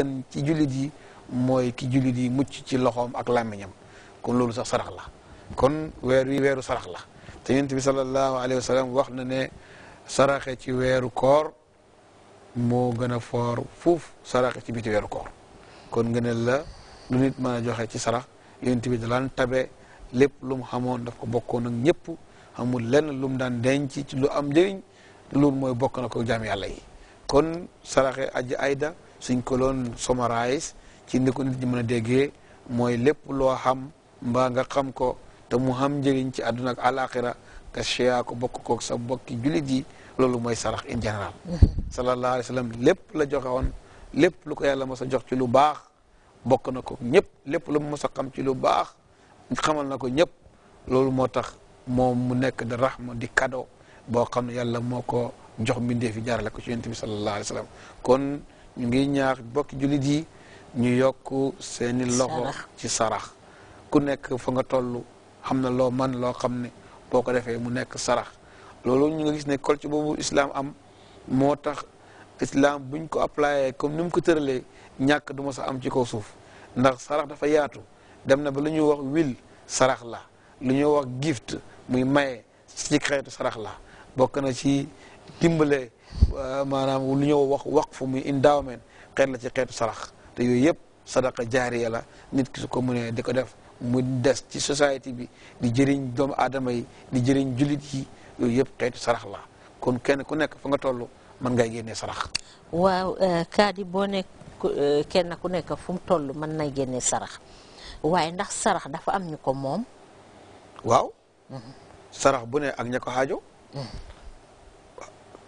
gën ci jullit yi mooy ki jullit yi mucc ci loxoom ak làmmiñam kon loolu sax sarax la kon weer wi weeru sarax la te yonent bi sallallahu alayhi wa sallam wax na ne saraxe ci weeru koor moo gën a foor fuuf saraxe ci biti weeru koor kon ngëneel la lu nit mën a joxe ci sarax yonent bi dalaan tabe lépp lu xamoon daf ko bokkoon ak ñëpp amul lenn lu mu daan denc ci lu am njëriñ loolu mooy bokk na ko jaam yàlla yi kon saraxe aji ayda suñ ko loon summarize ci ni ko nit ñi mën a déggee mooy lépp loo xam mbaa nga xam ko te mu xam njëriñ ci àdduna ak alaxira nga shea ko bokk ko sa bokki julit yi loolu mooy sarax in général mm-hmm. sallallahu alayhi wa sallam lépp la joxe woon lépp lu ko yàlla mos a jox ci lu baax bokk na ko ñëpp lépp lu mos a xam ci lu baax xamal na ko ñëpp loolu moo tax mu nekk di rahma di cadeau boo xam ne yàlla ko jox mbindeef fi jaarale ko ci yonent sallallahu kon ñu ngi ñaax bokki jullit yi ñu yokk seeni loxo ci sarax ku nekk fa nga tollu xam na loo man loo xam ne boo ko defee mu nekk sarax loolu ñu nga gis ne culture boobu islam am moo tax islam buñ ko appliqué comme ni mu ko tëralee ñàkk du ma sa am ci kaw suuf ndax sarax dafa yaatu dem na ba lu ñuy wax wil sarax la lu ñuy wax gift muy maye ci xeetu sarax la bokk na ci dimbale Euh, maanaam lu ñëw wax waqfu muy endowment xeet la ci xeetu sarax te yooyu yëpp sadaqa jaariya la nit ki su ko mënee di ko def mu des ci société bi di jëriñ doomu aadama yi di jëriñ jullit yi yooyu yëpp xeetu sarax la kon kenn ku nekk fa nga toll mën ngay génnee sarax. waaw euh, kaadi boo nekk euh, kenn ku nekk fu mu toll mën na génnee sarax waaye ndax sarax dafa am ñu ko moom. waaw. Mhm. sarax bu ne ak ña ko xaajo. Mhm.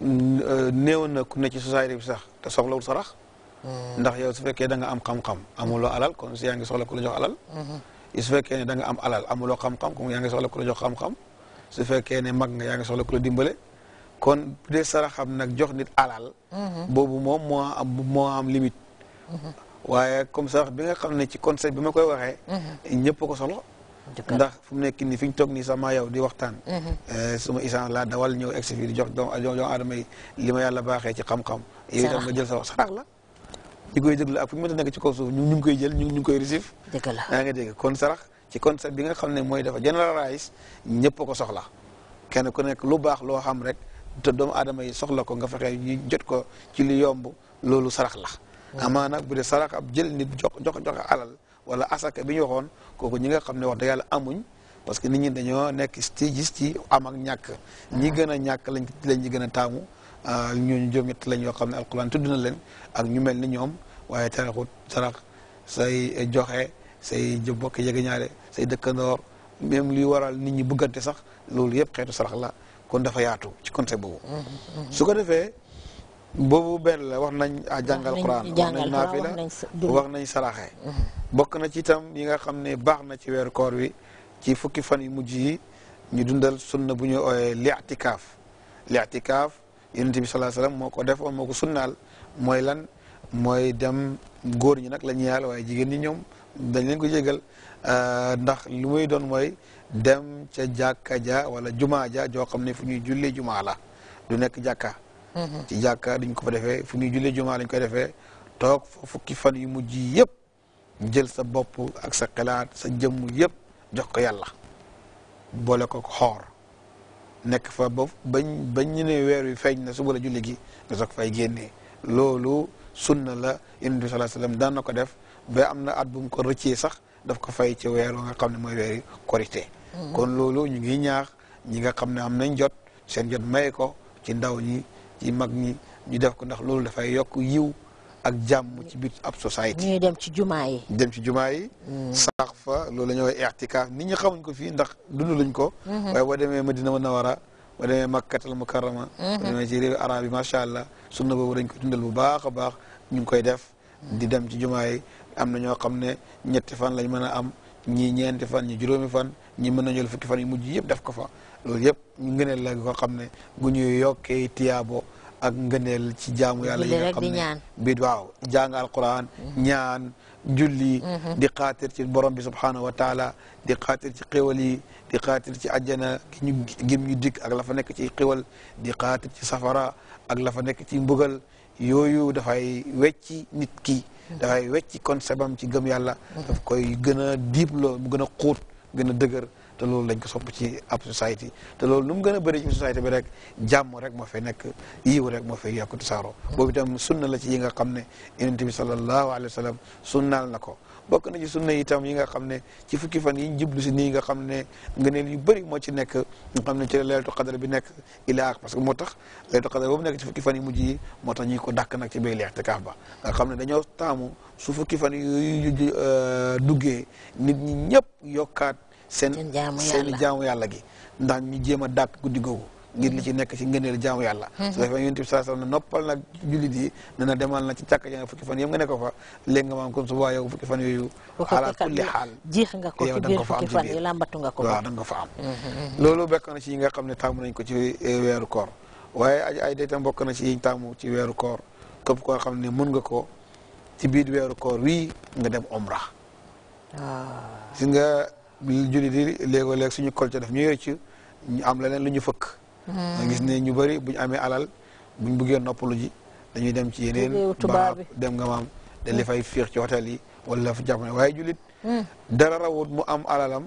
néewoon na ku ne ci société bi sax te soxlawul sarax hmm. ndax yow su fekkee da nga am xam-xam amuloo alal kon si yaa ngi soxla ku la jox alal hmm. su fekkee ne da nga am alal amuloo xam-xam kon yaa ngi soxla ku jox xam-xam su fekkee ne mag nga yaa ngi soxla ku la dimbale kon de saraxam nag jox nit alal hmm. boobu moom moo am moo am limite waaye comme sarax bi nga xam ne ci concept bi ma koy waxee ñëpp ko soxla ndax fu mu nekk nii fi ñu toog nii sax ma yow di waxtaan mhm. eh, suma essence laa dawal ñëw egsi fii di jox doom doomu aadama yi li ma yàlla baaxee ci xam-xam yow itam nga jël sa wax sarax la ñi koy déglu nekk ci kaw suuf ñu ngi koy jël ñu ngi koy receive daa nga dégg kon sarax bi nga xam ne mooy dafa généralise ñëpp ko soxla kenn ku nekk lu baax loo xam rek te doomu aadama yi soxla ko nga fexe ñu jot ko ci lu yomb loolu sarax la mhm. amaana bu dee sarax ab jël nit jox jox alal wala asaka bi ñu waxoon kooku ñi nga xam ne wax dëgg yàlla amuñ parce que ni ñi dañoo nekk ci gis ci am ak ñàkk ñi gën a ñàkk lañ lañ ñi gën a taamu ah, ñooñu juróom lañ yoo xam ne alquran tudd na leen ak ñu mel ni ñoom waaye taraxut sarax say joxe say bokk yege ñaare say dëkkandoor même luy waral nit ñi bëggante sax loolu yëpp xeetu sarax la kon dafa yaatu ci concept boobu mm-hmm, mm-hmm. su ko defee boobu benn la wax nañ a ah, jàngal quran wax nañ naafila wax nañ saraxe mm-hmm. bokk na ci itam yi nga xam ne baax na ci weeru koor wi ci fukki fan yu mujj yi ñu dundal sunna bu ñu ooyee li'tikaaf li'tikaaf yonent bi sallallahu alayhi wasallam moo ko defoon moo ko sunnaal mooy lan mooy dem góor ñi nag la yàlla waaye jigéen ñi ñoom dañ leen ko jégal ah, ndax li muy doon mooy dem ca jàkka ja wala jumaa ja joo xam ne fu ñuy julle jumaa la du nekk jàkka Mm-hmm. ci jàkka duñ ko fa defee fu ñuy jullee jumaa lañ koy defee toog fukki fan yu mujj yëpp jël sa bopp ak sa xalaat sa jëmm yëpp jox ko yàlla boole ko xoor nekk fa ba bañ bañ ñu ne weer wi feeñ na suba la julli gi nga soog fay génnee loolu sunna la yonent bi salaa daan na ko def ba am na at bu mu sax daf ko fay ci weer wa nga xam ne mooy weeri korité mm-hmm. kon loolu ñu ngi ñaax ñi nga xam ne am nañ jot seen jot may ko ci ndaw ñi ci mag ñi ñu def ko ndax loolu dafay yokk yiw ak jàmm ci biir ab société. ñuy dem ci jumaa yi. dem ci jumaa yi. Mm. saax fa loolu la ñuy wax i'tikaaf nit ñi xamuñ ko fii ndax dund lañ ko. Mm-hmm. waaye boo demee Madina Munawara wa demee Makkatal Mukarrama. Mm-hmm. boo demee ci réew arab yi macha allah sunna boobu dañ bu baax a ñu ngi koy def. di dem ci jumaa yi am na ñoo xam ne ñetti fan lañ mën a am ñii ñeenti fan ñi juróomi fan. ñi mën a jël fukki fan yu mujj yëpp def ko fa loolu yëpp ngëneel la ko xam ne gu ñuy yokkee tiyaabo ak ngëneel ci jaamu yàlla yi nga xam ne bi waaw jàng alquran mm-hmm. ñaan julli mm-hmm. di xaatir ci borom bi subhanahu wa taala di xaatir ci xéwal yi di xaatir ci àjjana ki ñu gim ñu dikk ak la fa nekk ci xéwal di xaatir ci safara ak lafa nekk ci mbugal yooyu dafay wecci nit ki mm-hmm. dafay wecci kon ci gëm yàlla daf koy gën a diibloo mu gën a dëgër te loolu lañ ko sopp ci ab société te loolu nu mu gën a bëri ci société bi rek jàmm rek moo fay nekk yiw rek moo fay yokk tasaaroo boobu itam sunna la ci yi nga xam ne yonent bi sallallahu alayhi wa sallam sunnaal na ko bokk na ci sunna itam yi nga xam ne ci fukki fan yi ñu jublu si nii nga xam ne ngëneel yu bëri moo ci nekk nga xam ne ci leelatu xadar bi nekk ilaa parce que moo tax leelatu xadar boobu nekk ci fukki fan yi mujj yi moo tax ñuy ko dàkk nag ci béy leex te kaaf ba nga xam ne dañoo taamu su fukki fan yu euh, duggee nit ñi ñëpp yokkaat seen seen jaamu yàlla gi ndax ñu jéem a dàkk guddi googu ngir li ci nekk ci ngëneel jaamu yàlla mm-hmm. su defee na demal na ci càkk ja fukki fan yëpp nga ne ko fa léegi nga maam kon su baa yow fukki fan yooyu xalaat kulli xaal jeex nga ko ci biir fukki fan yi làmbatu nga da nga ko fa am mm-hmm. loolu bokk na ci yi nga xam ne taamu nañ ko ci eh, weeru koor waaye ay ay day tam bokk na ci yiñ taamu ci weeru koor képp koo xam ne mën nga ko ci biir weeru koor wii nga dem omra ah. si nga julli yi léegoo léeg suñu kolco def ñu yëcc ñu am leneen lu ñu fëkk hmm. nga gis ne ñu bari bu ñu amee alal buñ buggee noppalu ji dañuy dem ci yeneen ba dem nga maam da li fay fiix ci hôtel yi wala fa jàpp ne waaye jullit hmm. dara rawut mu am alalam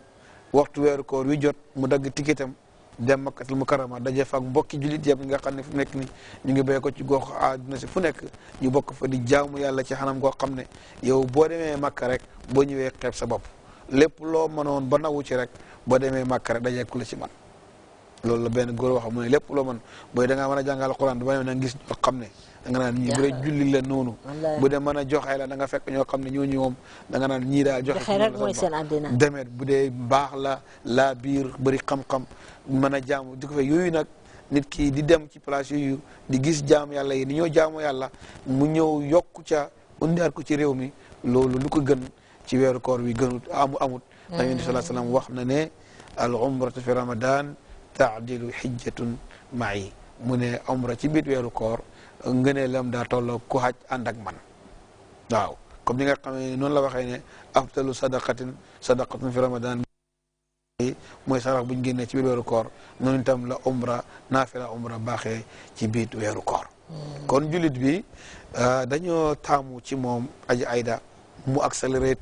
waxtu weer koor wi jot mu dagg tikitam dem mu mukarrama daje fa ak mbokki jullit yëpp nga xam ne fu nekk ni ñu ngi béy ci gox àdduna si fu nekk ñu bokk fa di jaamu yàlla ci xanam goo xam ne yow boo demee makka rek boo ñëwee xeeb sa bopp lépp loo mënoon ba nawu ci rek ba demee makka rek dajé kul ci man lolou la ben goor wax mu ne lepp lo mën boy da nga mëna a jàngal Alxuraan ba na gis ñoo xam da nga nan ñi bu dee julli la nonu bu dee mëna joxé la da nga fekk ño xamné ne ñooñu mom da nga rek moy daal adina demet bu dee bax la la bir bari xam-xam mëna jaamu diko ko yoyu nak nit ki di dem ci place yooyu di gis jaamu yalla yi ni ñoo jaamu yalla mu ñew yokku ca undiwaat ko ci réew mi lu ko gën ci weeru koor wi gënut amu amut mm. ndax yonent na ne al umratu fi ramadan taadilu xijjatun ma'i mu ne umra ci biir weeru koor ngëneelam daa tollook ku xaj ànd ak man waaw comme ni nga xamee noonu la waxee ne afdalu sadaqatin sadaqatun fi ramadan mooy sarax bu ñu génnee ci biir weeru koor noonu itam la umra naafila umra baaxee ci biir weeru koor mm. kon jullit bi ah, dañoo taamu ci moom aji ayda mu accéléré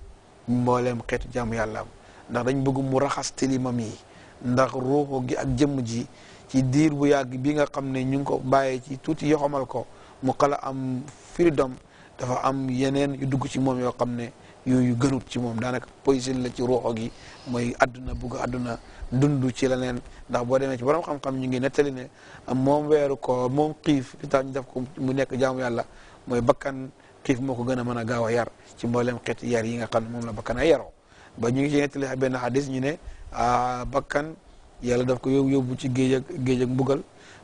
mbooleem xeetu jaamu yàllaam ndax dañ bëgg mu raxas tilimam yi ndax ruuxu gi ak jëmm ji ci diir bu yàgg bi nga xam ne ñu ngi ko bàyyee ci tuuti yoxamal ko mu xala am freedom dafa am yeneen yu dugg ci moom yoo xam ne yooyu gënut ci moom daanaka poison la ci ruuxo gi mooy àdduna bugg àdduna dund ci leneen ndax boo demee ci borom xam-xam ñu ngi nettali ne moom weeru ko moom xiif li tax ñu def ko mu nekk jaamu yàlla mooy bakkan xiif moo ko gën a mën a gaaw a yar ci mboolem xeeti yar yi nga xam ne moom la bakkan ay yaroo ba ñu ngi ci nettali benn xadis ñu ne a ah, bakkan yàlla daf ko yóbbu yóbbu ci géej ak géej ak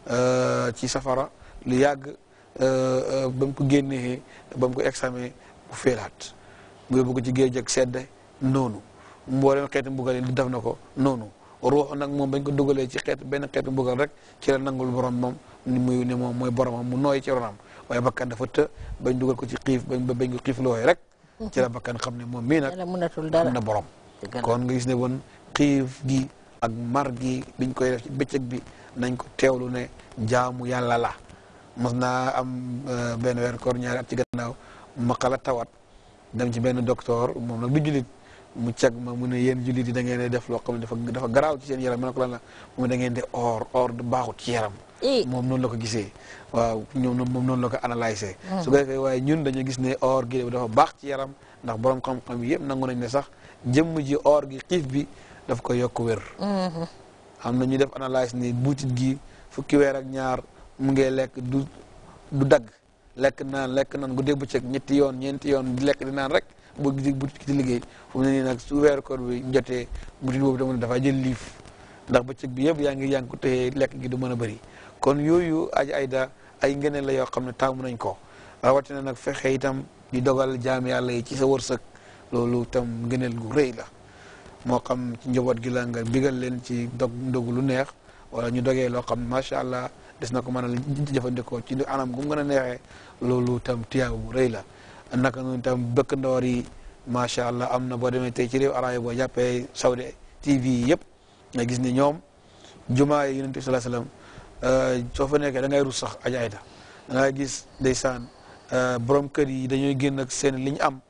euh, ci safara lu yàgg euh, euh, ba mu ko génnee ba mu ko examen bu féelaat mu yóbbu ko ci géej ak sedd noonu mboolem xeeti mbugal yi def na ko noonu ruux nag moom bañ ko dugalee ci xeet benn xeetu mbugal rek ci la nangul borom moom ni muy ne moom mooy boromam mu nooy ci ronam waaye bakkan dafa të bañ dugal ko ci xiif bañ ba bañ ko xiif looy rek mhm. ci la bakkan xam ne moom mii nag am na borom kon nga gis ne woon xiif gi ak mar gi biñ koy def ci bëccëg bi nañ ko teewlu ne jaamu yàlla la mas naa am euh, benn weer koor ñaari at ci gannaaw ma xala tawat dem ci benn docteur moom nag du mu cag ma mu ne yéen jullit yi da ngeen di def loo xam ne dafa dafa ci seen yaram ma ne ko lan la mu da ngeen di or or du baaxut ci yaram. moom noonu la ko gisee. waaw ñoom moom noonu la ko analysé. Hmm. su ko defee waaye ñun dañoo gis ne or gi dafa baax ci yaram ndax borom xam-xam yëpp nangu nañ ne sax jëmm ji or gi xiif bi daf ko yokk wér. Hmm. am na ñu def analyse ni buutit gi fukki weer ak ñaar mu ngi lekk du du dagg lekk naan lekk naan gu dégg bëccëg ñetti yoon ñeenti yoon di lekk di naan ba butik ci liggéey fu mu nii nag su weeru koor bi jotee butik boobu tamit dafaa jël liif ndax bëccëg bi yëpp yaa ngi yaa ngi ko téye lekk gi du mën a bëri kon yooyu aji ayda ay ngëneel la yoo xam ne taamu nañ ko rawatina nag fexe itam di dogal jaam yàlla yi ci sa wërsëg loolu itam ngëneel gu rëy la moo xam ci njaboot gi la nga bigal leen ci dog ndogu lu neex wala ñu dogee loo xam ne macha allah des na ko mën a jëfandikoo ci anam gu mu gën a neexee loolu itam tiyaabu rëy la naka noonu tam dëkk ndoor yi macha allah am na boo demee tey ci réew arabe boo jàppee Saudi TV yi yëpp nga gis ni ñoom jumaa yi yonent bi salaam euh, soo fa nekkee da ngay rus sax ajaayda da ngay gis ndeysaan euh, borom kër yi dañuy génn ak seen li ñu am